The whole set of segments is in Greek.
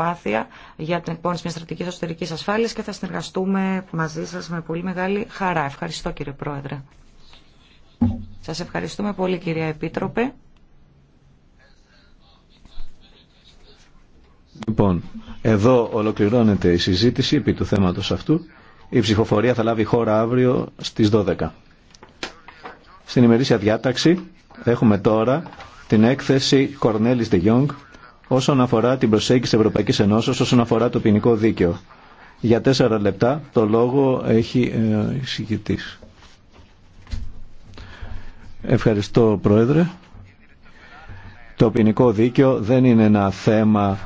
προσπάθεια για την εκπόνηση μια στρατηγική εσωτερική ασφάλεια και θα συνεργαστούμε μαζί σα με πολύ μεγάλη χαρά. Ευχαριστώ κύριε Πρόεδρε. Σας ευχαριστούμε πολύ κυρία Επίτροπε. Λοιπόν, εδώ ολοκληρώνεται η συζήτηση επί του θέματος αυτού. Η ψηφοφορία θα λάβει χώρα αύριο στις 12. Στην ημερήσια διάταξη έχουμε τώρα την έκθεση Κορνέλης Δε Γιόγκ όσον αφορά την προσέγγιση Ευρωπαϊκής Ενώσεως, όσον αφορά το ποινικό δίκαιο. Για τέσσερα λεπτά το λόγο έχει ε, εισηγητής. Ευχαριστώ Πρόεδρε. Το ποινικό δίκαιο δεν είναι ένα θέμα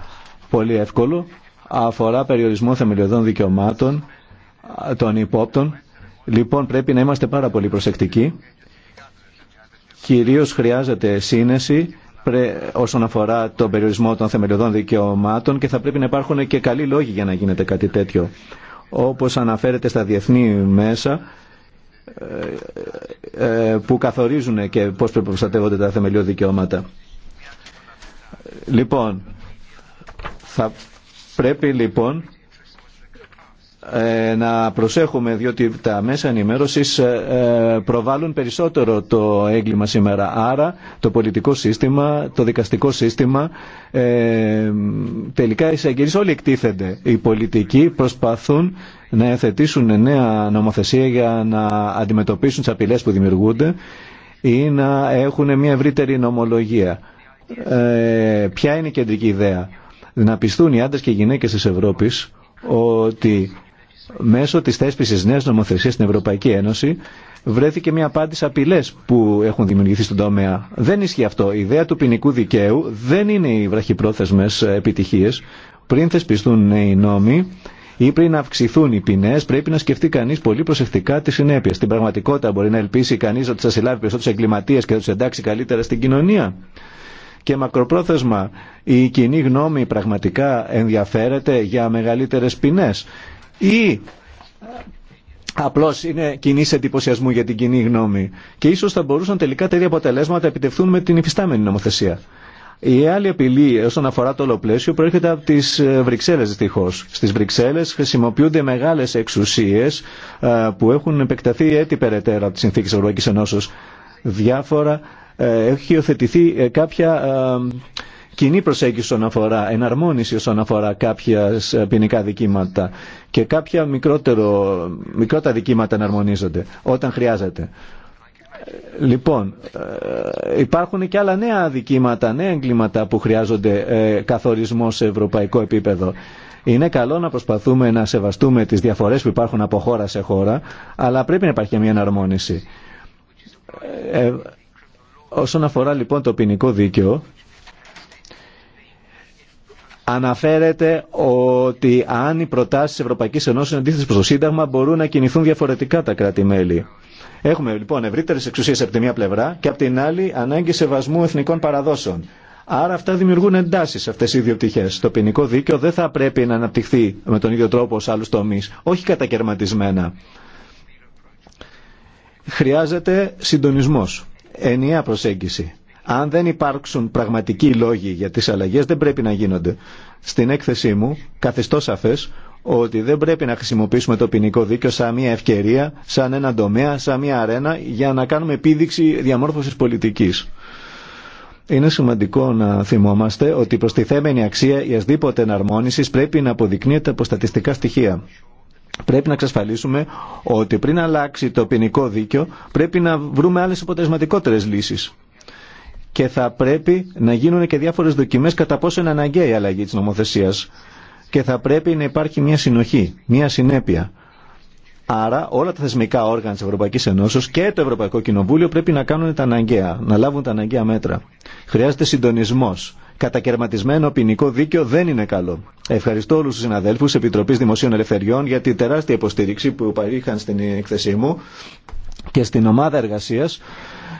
πολύ εύκολο. Αφορά περιορισμό θεμελιωδών δικαιωμάτων των υπόπτων. Λοιπόν πρέπει να είμαστε πάρα πολύ προσεκτικοί. Κυρίως χρειάζεται σύνεση όσον αφορά τον περιορισμό των θεμελιωδών δικαιωμάτων και θα πρέπει να υπάρχουν και καλοί λόγοι για να γίνεται κάτι τέτοιο. Όπως αναφέρεται στα διεθνή μέσα ε, ε, ε, που καθορίζουν και πώς πρέπει να προστατεύονται τα θεμελιώδη δικαιώματα. Λοιπόν, θα πρέπει λοιπόν ε, να προσέχουμε διότι τα μέσα ενημέρωσης ε, ε, προβάλλουν περισσότερο το έγκλημα σήμερα. Άρα το πολιτικό σύστημα, το δικαστικό σύστημα τελικά οι εισαγγελίες όλοι εκτίθενται. Οι πολιτικοί προσπαθούν να εθετήσουν νέα νομοθεσία για να αντιμετωπίσουν τις απειλές που δημιουργούνται ή να έχουν μια ευρύτερη νομολογία. Ε, ποια είναι η κεντρική ιδέα. Να πιστούν οι άντρες και οι γυναίκες της Ευρώπης ότι μέσω της θέσπισης νέας νομοθεσίας στην Ευρωπαϊκή Ένωση βρέθηκε μια απάντηση απειλέ που έχουν δημιουργηθεί στον τομέα. Δεν ισχύει αυτό. Η ιδέα του ποινικού δικαίου δεν είναι οι βραχυπρόθεσμες επιτυχίες. Πριν θεσπιστούν νέοι νόμοι, ή πριν αυξηθούν οι ποινέ, πρέπει να σκεφτεί κανεί πολύ προσεκτικά τι συνέπειε. Στην πραγματικότητα, μπορεί να ελπίσει κανεί ότι θα συλλάβει περισσότερου εγκληματίε και θα του εντάξει καλύτερα στην κοινωνία. Και μακροπρόθεσμα, η κοινή γνώμη πραγματικά ενδιαφέρεται για μεγαλύτερε ποινέ ή απλώς είναι κοινή εντυπωσιασμού για την κοινή γνώμη και ίσως θα μπορούσαν τελικά τέτοια αποτελέσματα επιτευθούν με την υφιστάμενη νομοθεσία. Η άλλη απειλή όσον αφορά το ολοπλαίσιο προέρχεται από τι ε, Βρυξέλλε δυστυχώ. Στι Βρυξέλλε χρησιμοποιούνται μεγάλε εξουσίε ε, που έχουν επεκταθεί έτη περαιτέρω από τι συνθήκε Ευρωπαϊκή Ενώσεω. Διάφορα ε, έχει υιοθετηθεί κάποια κοινή προσέγγιση όσον αφορά, εναρμόνιση όσον αφορά κάποια ε, ποινικά δικήματα και κάποια μικρότερο, μικρότερα δικήματα εναρμονίζονται όταν χρειάζεται. Λοιπόν, ε, υπάρχουν και άλλα νέα δικήματα, νέα εγκλήματα που χρειάζονται ε, καθορισμό σε ευρωπαϊκό επίπεδο. Είναι καλό να προσπαθούμε να σεβαστούμε τις διαφορές που υπάρχουν από χώρα σε χώρα, αλλά πρέπει να υπάρχει μια εναρμόνιση. όσον αφορά λοιπόν το ποινικό δίκαιο, αναφέρεται ότι αν οι τη Ευρωπαϊκή Ενώση είναι αντίθετε προς το Σύνταγμα μπορούν να κινηθούν διαφορετικά τα κράτη-μέλη. Έχουμε λοιπόν ευρύτερε εξουσίε από τη μία πλευρά και από την άλλη ανάγκη σεβασμού εθνικών παραδόσεων. Άρα αυτά δημιουργούν εντάσει αυτέ οι δύο πτυχέ. Το ποινικό δίκαιο δεν θα πρέπει να αναπτυχθεί με τον ίδιο τρόπο σε άλλου τομεί, όχι κατακαιρματισμένα. Χρειάζεται συντονισμό, ενιαία προσέγγιση. Αν δεν υπάρξουν πραγματικοί λόγοι για τις αλλαγές δεν πρέπει να γίνονται. Στην έκθεσή μου καθιστώ σαφές ότι δεν πρέπει να χρησιμοποιήσουμε το ποινικό δίκαιο σαν μια ευκαιρία, σαν ένα τομέα, σαν μια αρένα για να κάνουμε επίδειξη διαμόρφωσης πολιτικής. Είναι σημαντικό να θυμόμαστε ότι τη θέμενη αξία η ασδήποτε εναρμόνισης πρέπει να αποδεικνύεται από στατιστικά στοιχεία. Πρέπει να εξασφαλίσουμε ότι πριν αλλάξει το ποινικό δίκαιο πρέπει να βρούμε άλλες αποτελεσματικότερες λύσεις και θα πρέπει να γίνουν και διάφορε δοκιμέ κατά πόσο είναι αναγκαία η αλλαγή τη νομοθεσία. και θα πρέπει να υπάρχει μια συνοχή, μια συνέπεια. Άρα όλα τα θεσμικά όργανα τη Ευρωπαϊκή Ενώσεω και το Ευρωπαϊκό Κοινοβούλιο πρέπει να κάνουν τα αναγκαία, να λάβουν τα αναγκαία μέτρα. Χρειάζεται συντονισμός. Κατακαιρματισμένο ποινικό δίκαιο δεν είναι καλό. Ευχαριστώ όλου του συναδέλφου, τη Επιτροπής Δημοσίων Ελευθεριών για τη τεράστια υποστήριξη που παρήχαν στην εκθεσή μου και στην ομάδα εργασία.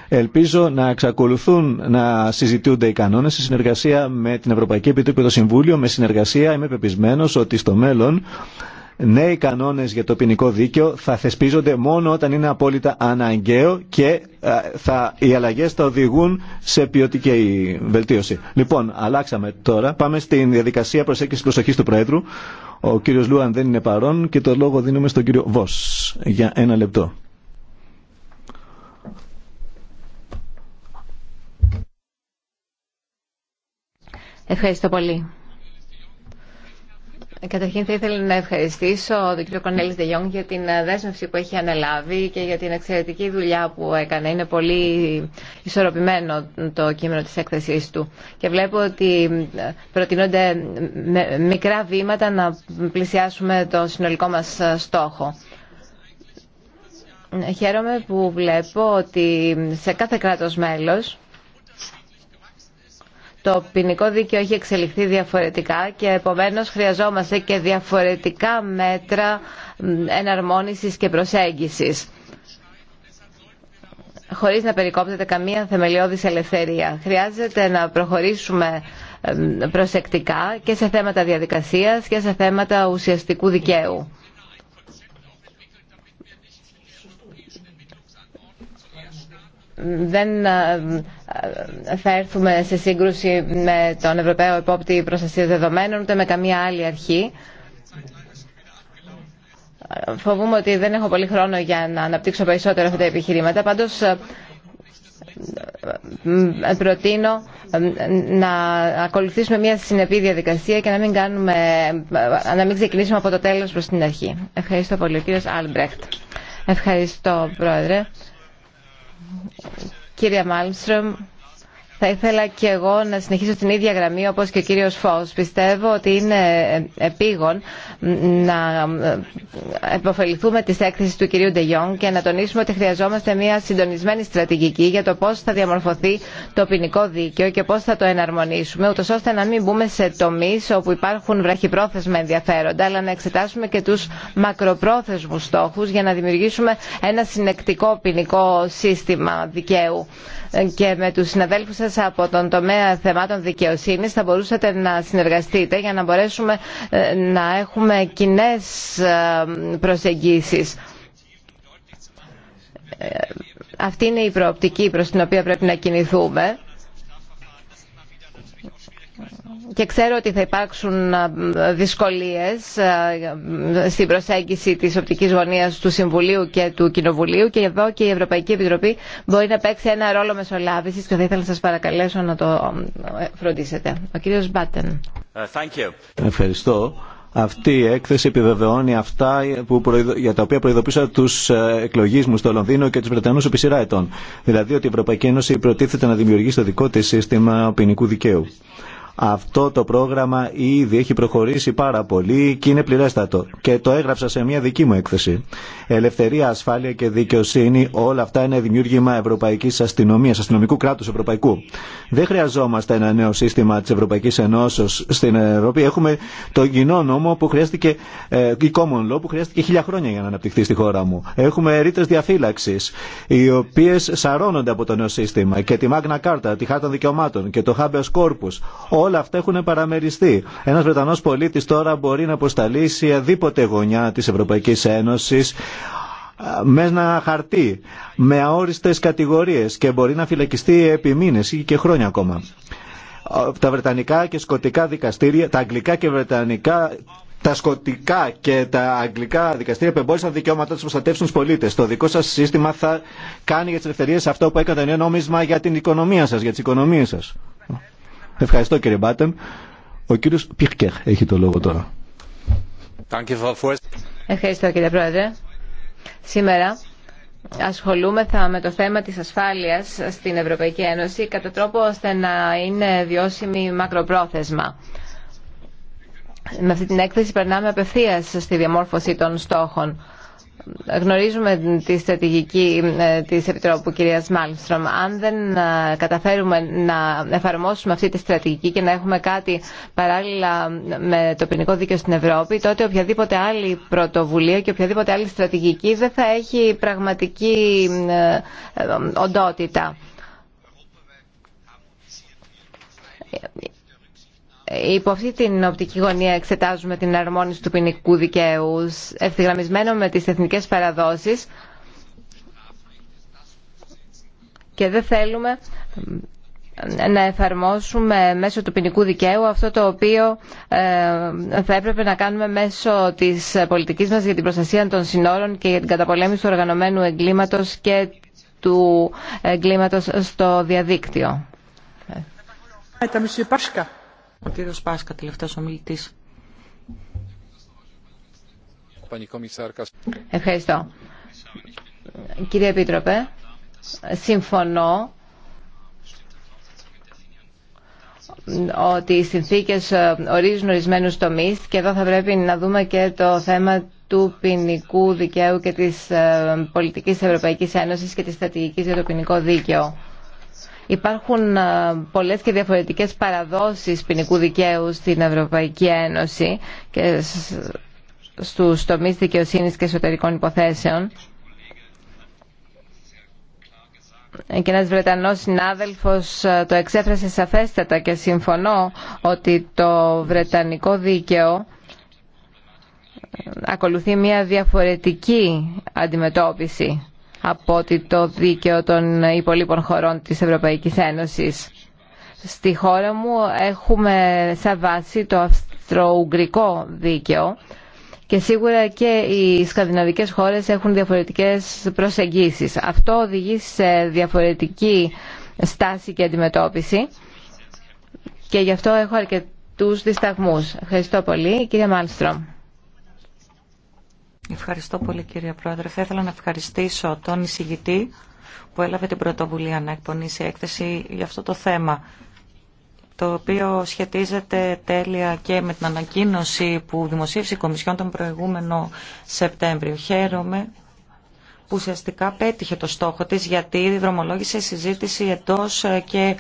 Ελπίζω να εξακολουθούν να συζητούνται οι κανόνε σε συνεργασία με την Ευρωπαϊκή Επιτροπή και το Συμβούλιο. Με συνεργασία είμαι πεπισμένο ότι στο μέλλον νέοι κανόνε για το ποινικό δίκαιο θα θεσπίζονται μόνο όταν είναι απόλυτα αναγκαίο και ε, θα, οι αλλαγέ θα οδηγούν σε ποιοτική βελτίωση. Λοιπόν, αλλάξαμε τώρα. Πάμε στην διαδικασία προσέγγιση προσοχή του Προέδρου. Ο κύριο Λούαν δεν είναι παρόν και το λόγο δίνουμε στον κύριο Βό για ένα λεπτό. Ευχαριστώ πολύ. Καταρχήν θα ήθελα να ευχαριστήσω τον κύριο Κονέλη Δεγιόνγκ για την ε, δέσμευση που έχει αναλάβει και για την εξαιρετική δουλειά που έκανε. Είναι πολύ ισορροπημένο το κείμενο της έκθεσής του. Και βλέπω ότι ε, προτείνονται μικρά βήματα να πλησιάσουμε το συνολικό μας ε, στόχο. Χαίρομαι που βλέπω ότι σε κάθε κράτος μέλος το ποινικό δίκαιο έχει εξελιχθεί διαφορετικά και επομένως χρειαζόμαστε και διαφορετικά μέτρα εναρμόνισης και προσέγγισης χωρίς να περικόπτεται καμία θεμελιώδης ελευθερία. Χρειάζεται να προχωρήσουμε προσεκτικά και σε θέματα διαδικασίας και σε θέματα ουσιαστικού δικαίου. δεν ε, ε, θα έρθουμε σε σύγκρουση με τον Ευρωπαίο Επόπτη Προστασία Δεδομένων ούτε με καμία άλλη αρχή. Φοβούμαι ότι δεν έχω πολύ χρόνο για να αναπτύξω περισσότερο αυτά τα επιχειρήματα. Πάντως ε, προτείνω να ακολουθήσουμε μια συνεπή διαδικασία και να μην, κάνουμε, να μην ξεκινήσουμε από το τέλος προς την αρχή. Ευχαριστώ πολύ. Ο κύριος Άλμπρεχτ. Ευχαριστώ, Πρόεδρε. Κύριε Μάλμστρομ, θα ήθελα και εγώ να συνεχίσω την ίδια γραμμή όπως και ο κύριος Φως. Πιστεύω ότι είναι επίγον να επωφεληθούμε της έκθεσης του κυρίου Ντεγιόν και να τονίσουμε ότι χρειαζόμαστε μια συντονισμένη στρατηγική για το πώς θα διαμορφωθεί το ποινικό δίκαιο και πώς θα το εναρμονίσουμε, ούτως ώστε να μην μπούμε σε τομείς όπου υπάρχουν βραχυπρόθεσμα ενδιαφέροντα, αλλά να εξετάσουμε και τους μακροπρόθεσμους στόχους για να δημιουργήσουμε ένα συνεκτικό ποινικό σύστημα δικαίου. Και με τους συναδέλφους από τον τομέα θεμάτων δικαιοσύνης θα μπορούσατε να συνεργαστείτε για να μπορέσουμε ε, να έχουμε κοινέ ε, προσεγγίσεις. Ε, αυτή είναι η προοπτική προς την οποία πρέπει να κινηθούμε και ξέρω ότι θα υπάρξουν δυσκολίες στην προσέγγιση της οπτικής γωνίας του Συμβουλίου και του Κοινοβουλίου και εδώ και η Ευρωπαϊκή Επιτροπή μπορεί να παίξει ένα ρόλο μεσολάβησης και θα ήθελα να σας παρακαλέσω να το φροντίσετε. Ο κύριος Μπάτεν. Ε, Ευχαριστώ. Αυτή η έκθεση επιβεβαιώνει αυτά που για τα οποία προειδοποίησα του ε, εκλογεί μου στο Λονδίνο και του Βρετανού επί σειρά ετών. Δηλαδή ότι η Ευρωπαϊκή Ένωση προτίθεται να δημιουργήσει το δικό τη σύστημα ποινικού δικαίου. Αυτό το πρόγραμμα ήδη έχει προχωρήσει πάρα πολύ και είναι πληρέστατο. Και το έγραψα σε μια δική μου έκθεση. Ελευθερία, ασφάλεια και δικαιοσύνη, όλα αυτά είναι δημιούργημα ευρωπαϊκή αστυνομία, αστυνομικού κράτου ευρωπαϊκού. Δεν χρειαζόμαστε ένα νέο σύστημα τη Ευρωπαϊκή Ενώσεω στην Ευρώπη. Έχουμε το κοινό νόμο που χρειάστηκε, ε, η common law που χρειάστηκε χίλια χρόνια για να αναπτυχθεί στη χώρα μου. Έχουμε ρήτε διαφύλαξη, οι οποίε σαρώνονται από το νέο σύστημα και τη Magna Carta, τη Χάρτα Δικαιωμάτων και το Habeas Corpus Όλα αυτά έχουν παραμεριστεί. Ένα Βρετανό πολίτη τώρα μπορεί να αποσταλεί σε αδίποτε γωνιά τη Ευρωπαϊκή Ένωση με ένα χαρτί, με αόριστε κατηγορίε και μπορεί να φυλακιστεί επί μήνε ή και χρόνια ακόμα. Τα βρετανικά και σκοτικά δικαστήρια, τα αγγλικά και βρετανικά τα σκοτικά και τα αγγλικά δικαστήρια επεμπόρισαν δικαιώματα του προστατεύσουν του πολίτε. Το δικό σα σύστημα θα κάνει για τι ελευθερίε αυτό που έκανε το νέο νόμισμα για την οικονομία σα, για τι οικονομίε σα. Ευχαριστώ κύριε Μπάτεν. Ο κύριος Πιχκέχ έχει το λόγο τώρα. Ευχαριστώ κύριε Πρόεδρε. Σήμερα ασχολούμεθα με το θέμα της ασφάλειας στην Ευρωπαϊκή Ένωση κατά τρόπο ώστε να είναι βιώσιμη μακροπρόθεσμα. Με αυτή την έκθεση περνάμε απευθείας στη διαμόρφωση των στόχων. Γνωρίζουμε τη στρατηγική ε, της Επιτρόπου κυρίας Μάλμστρομ. Αν δεν ε, καταφέρουμε να εφαρμόσουμε αυτή τη στρατηγική και να έχουμε κάτι παράλληλα με το ποινικό δίκαιο στην Ευρώπη, τότε οποιαδήποτε άλλη πρωτοβουλία και οποιαδήποτε άλλη στρατηγική δεν θα έχει πραγματική ε, οντότητα υπό αυτή την οπτική γωνία εξετάζουμε την αρμόνιση του ποινικού δικαίου ευθυγραμμισμένο με τις εθνικές παραδόσεις και δεν θέλουμε να εφαρμόσουμε μέσω του ποινικού δικαίου αυτό το οποίο ε, θα έπρεπε να κάνουμε μέσω της πολιτικής μας για την προστασία των συνόρων και για την καταπολέμηση του οργανωμένου εγκλήματος και του εγκλήματος στο διαδίκτυο. Ε. Ο κύριος Πάσκα, τελευταίος ομιλητής. Ευχαριστώ. Κύριε Επίτροπε, συμφωνώ ότι οι συνθήκες ορίζουν ορισμένους τομείς και εδώ θα πρέπει να δούμε και το θέμα του ποινικού δικαίου και της ε, πολιτικής Ευρωπαϊκής Ένωσης και της στρατηγικής για το ποινικό δίκαιο. Υπάρχουν ε, πολλές και διαφορετικές παραδόσεις ποινικού δικαίου στην Ευρωπαϊκή Ένωση και στους τομείς δικαιοσύνης και εσωτερικών υποθέσεων. Και ένας Βρετανός συνάδελφος ε, το εξέφρασε σαφέστατα και συμφωνώ ότι το Βρετανικό δίκαιο ε, ακολουθεί μια διαφορετική αντιμετώπιση από το δίκαιο των υπολείπων χωρών της Ευρωπαϊκής Ένωσης. Στη χώρα μου έχουμε σαν βάση το αυστροουγγρικό δίκαιο και σίγουρα και οι σκανδιναβικές χώρες έχουν διαφορετικές προσεγγίσεις. Αυτό οδηγεί σε διαφορετική στάση και αντιμετώπιση και γι' αυτό έχω αρκετούς δισταγμούς. Ευχαριστώ πολύ. Κύριε Μάλστρομ. Ευχαριστώ πολύ κύριε Πρόεδρε. Θα ήθελα να ευχαριστήσω τον εισηγητή που έλαβε την πρωτοβουλία να εκπονήσει έκθεση για αυτό το θέμα το οποίο σχετίζεται τέλεια και με την ανακοίνωση που δημοσίευσε η Κομισιόν τον προηγούμενο Σεπτέμβριο. Χαίρομαι που ουσιαστικά πέτυχε το στόχο της γιατί δρομολόγησε συζήτηση εντός και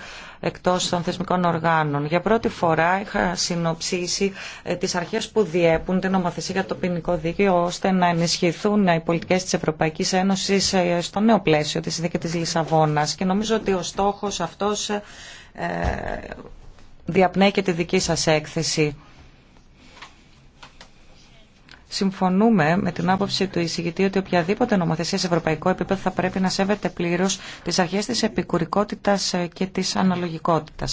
εκτός των θεσμικών οργάνων. Για πρώτη φορά είχα συνοψίσει ε, τις αρχές που διέπουν την νομοθεσία για το ποινικό δίκαιο ώστε να ενισχυθούν οι πολιτικές της Ευρωπαϊκής Ένωσης ε, στο νέο πλαίσιο της συνδίκης της Λισαβόνας. Και νομίζω ότι ο στόχος αυτός ε, διαπνέει και τη δική σας έκθεση συμφωνούμε με την άποψη του εισηγητή ότι οποιαδήποτε νομοθεσία σε ευρωπαϊκό επίπεδο θα πρέπει να σέβεται πλήρω τι αρχέ τη επικουρικότητα ε, και τη αναλογικότητα.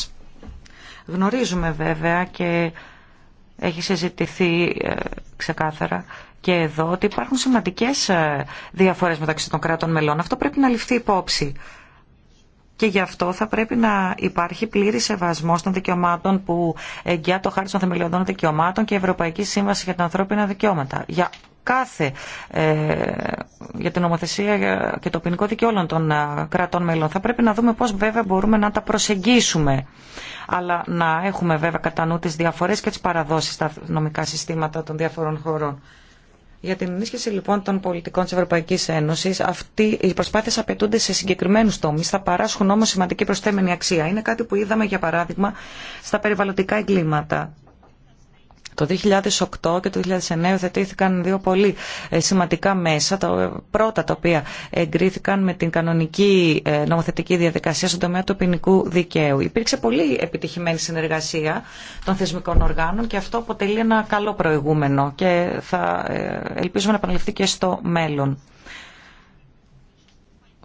Γνωρίζουμε βέβαια και έχει συζητηθεί ε, ξεκάθαρα και εδώ ότι υπάρχουν σημαντικές ε, διαφορές μεταξύ των κράτων μελών. Αυτό πρέπει να ληφθεί υπόψη και γι' αυτό θα πρέπει να υπάρχει πλήρη σεβασμό των δικαιωμάτων που εγγυά το χάρτη των θεμελιωδών δικαιωμάτων και η Ευρωπαϊκή Σύμβαση για τα ανθρώπινα δικαιώματα. Για κάθε ε, για την νομοθεσία και το ποινικό δικαίωμα των ε, κρατών μελών. Θα πρέπει να δούμε πώς βέβαια μπορούμε να τα προσεγγίσουμε. Αλλά να έχουμε βέβαια κατά νου τις διαφορές και τις παραδόσεις στα νομικά συστήματα των διαφορών χωρών. Για την ενίσχυση λοιπόν των πολιτικών τη Ευρωπαϊκή Ένωση, οι προσπάθειες απαιτούνται σε συγκεκριμένους τομείς, θα παράσχουν όμως σημαντική προσθέμενη αξία. Είναι κάτι που είδαμε για παράδειγμα στα περιβαλλοντικά εγκλήματα. Το 2008 και το 2009 θετήθηκαν δύο πολύ ε, σημαντικά μέσα, τα ε, πρώτα τα οποία εγκρίθηκαν με την κανονική ε, νομοθετική διαδικασία στον τομέα του ποινικού δικαίου. Υπήρξε πολύ επιτυχημένη συνεργασία των θεσμικών οργάνων και αυτό αποτελεί ένα καλό προηγούμενο και θα ελπίζουμε να επαναληφθεί και στο μέλλον.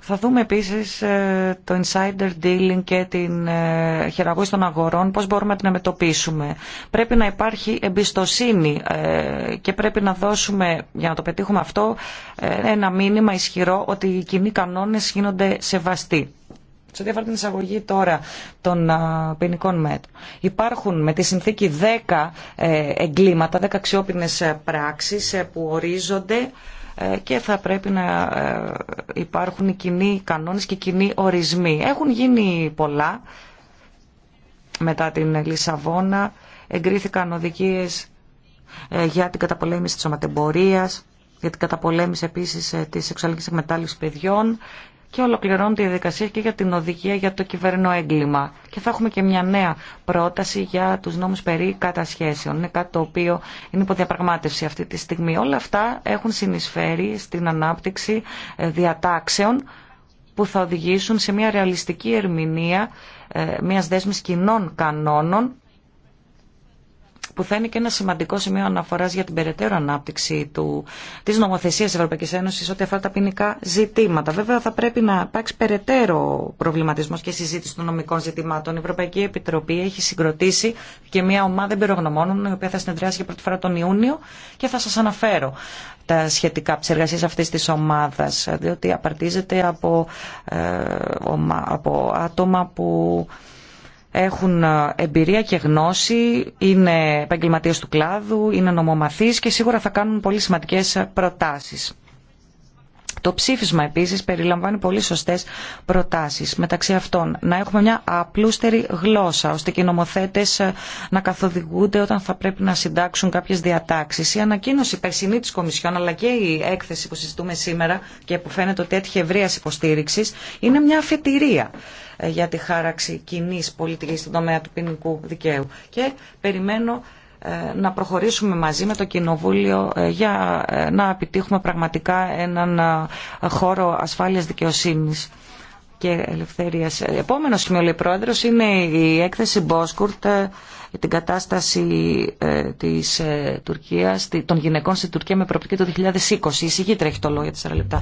Θα δούμε επίσης ε, το insider dealing και την ε, χειραγώγηση των αγορών, πώς μπορούμε να την αντιμετωπίσουμε. Πρέπει να υπάρχει εμπιστοσύνη ε, και πρέπει να δώσουμε, για να το πετύχουμε αυτό, ένα μήνυμα ισχυρό ότι οι κοινοί κανόνες γίνονται σεβαστοί. Σε ό,τι αφορά την εισαγωγή τώρα των ποινικών μέτρων. Υπάρχουν με τη συνθήκη 10 εγκλήματα, 10 αξιόπινες πράξεις που ορίζονται ε, και θα πρέπει να ε, υπάρχουν οι κοινοί κανόνες και κοινοί ορισμοί. Έχουν γίνει πολλά μετά την Λισαβόνα. Εγκρίθηκαν οδηγίες ε, για την καταπολέμηση της οματεμπορίας, για την καταπολέμηση επίσης της σεξουαλικής εκμετάλλευσης παιδιών και ολοκληρώνουν τη διαδικασία και για την οδηγία για το κυβερνό έγκλημα. Και θα έχουμε και μια νέα πρόταση για του νόμου περί κατασχέσεων. Είναι κάτι το οποίο είναι υποδιαπραγμάτευση αυτή τη στιγμή. Όλα αυτά έχουν συνεισφέρει στην ανάπτυξη ε, διατάξεων που θα οδηγήσουν σε μια ρεαλιστική ερμηνεία ε, μιας δέσμης κοινών κανόνων που θα είναι και ένα σημαντικό σημείο αναφορά για την περαιτέρω ανάπτυξη τη νομοθεσία νομοθεσίας της Ευρωπαϊκής ό,τι αφορά τα ποινικά ζητήματα. Βέβαια θα πρέπει να υπάρξει περαιτέρω προβληματισμό και συζήτηση των νομικών ζητημάτων. Η Ευρωπαϊκή Επιτροπή έχει συγκροτήσει και μια ομάδα εμπειρογνωμόνων η οποία θα συνεδριάσει για πρώτη φορά τον Ιούνιο και θα σα αναφέρω τα σχετικά από εργασία αυτή αυτής της διότι απαρτίζεται από, ε, από άτομα που έχουν ε, εμπειρία και γνώση, είναι επαγγελματίε του κλάδου, είναι νομομαθείς και σίγουρα θα κάνουν πολύ σημαντικές προτάσεις. Το ψήφισμα επίσης περιλαμβάνει πολύ σωστές προτάσεις. Μεταξύ αυτών να έχουμε μια απλούστερη γλώσσα ώστε και οι νομοθέτες ε, να καθοδηγούνται όταν θα πρέπει να συντάξουν κάποιες διατάξεις. Η ανακοίνωση περσινή της Κομισιόν αλλά και η έκθεση που συζητούμε σήμερα και που φαίνεται ότι έτυχε ευρείας υποστήριξη είναι μια αφετηρία ε, για τη χάραξη κοινή πολιτική στον τομέα του ποινικού δικαίου. Και περιμένω ε, να προχωρήσουμε μαζί με το Κοινοβούλιο ε, για ε, να επιτύχουμε πραγματικά έναν χώρο ασφάλειας δικαιοσύνης και ελευθερίας. Επόμενο σημείο, λέει πρόεδρος, είναι η έκθεση Μπόσκουρτ την κατάσταση της Τουρκίας, των γυναικών στη Τουρκία με προοπτική το 2020. Η συγκήτρια έχει το λόγο για 4 λεπτά.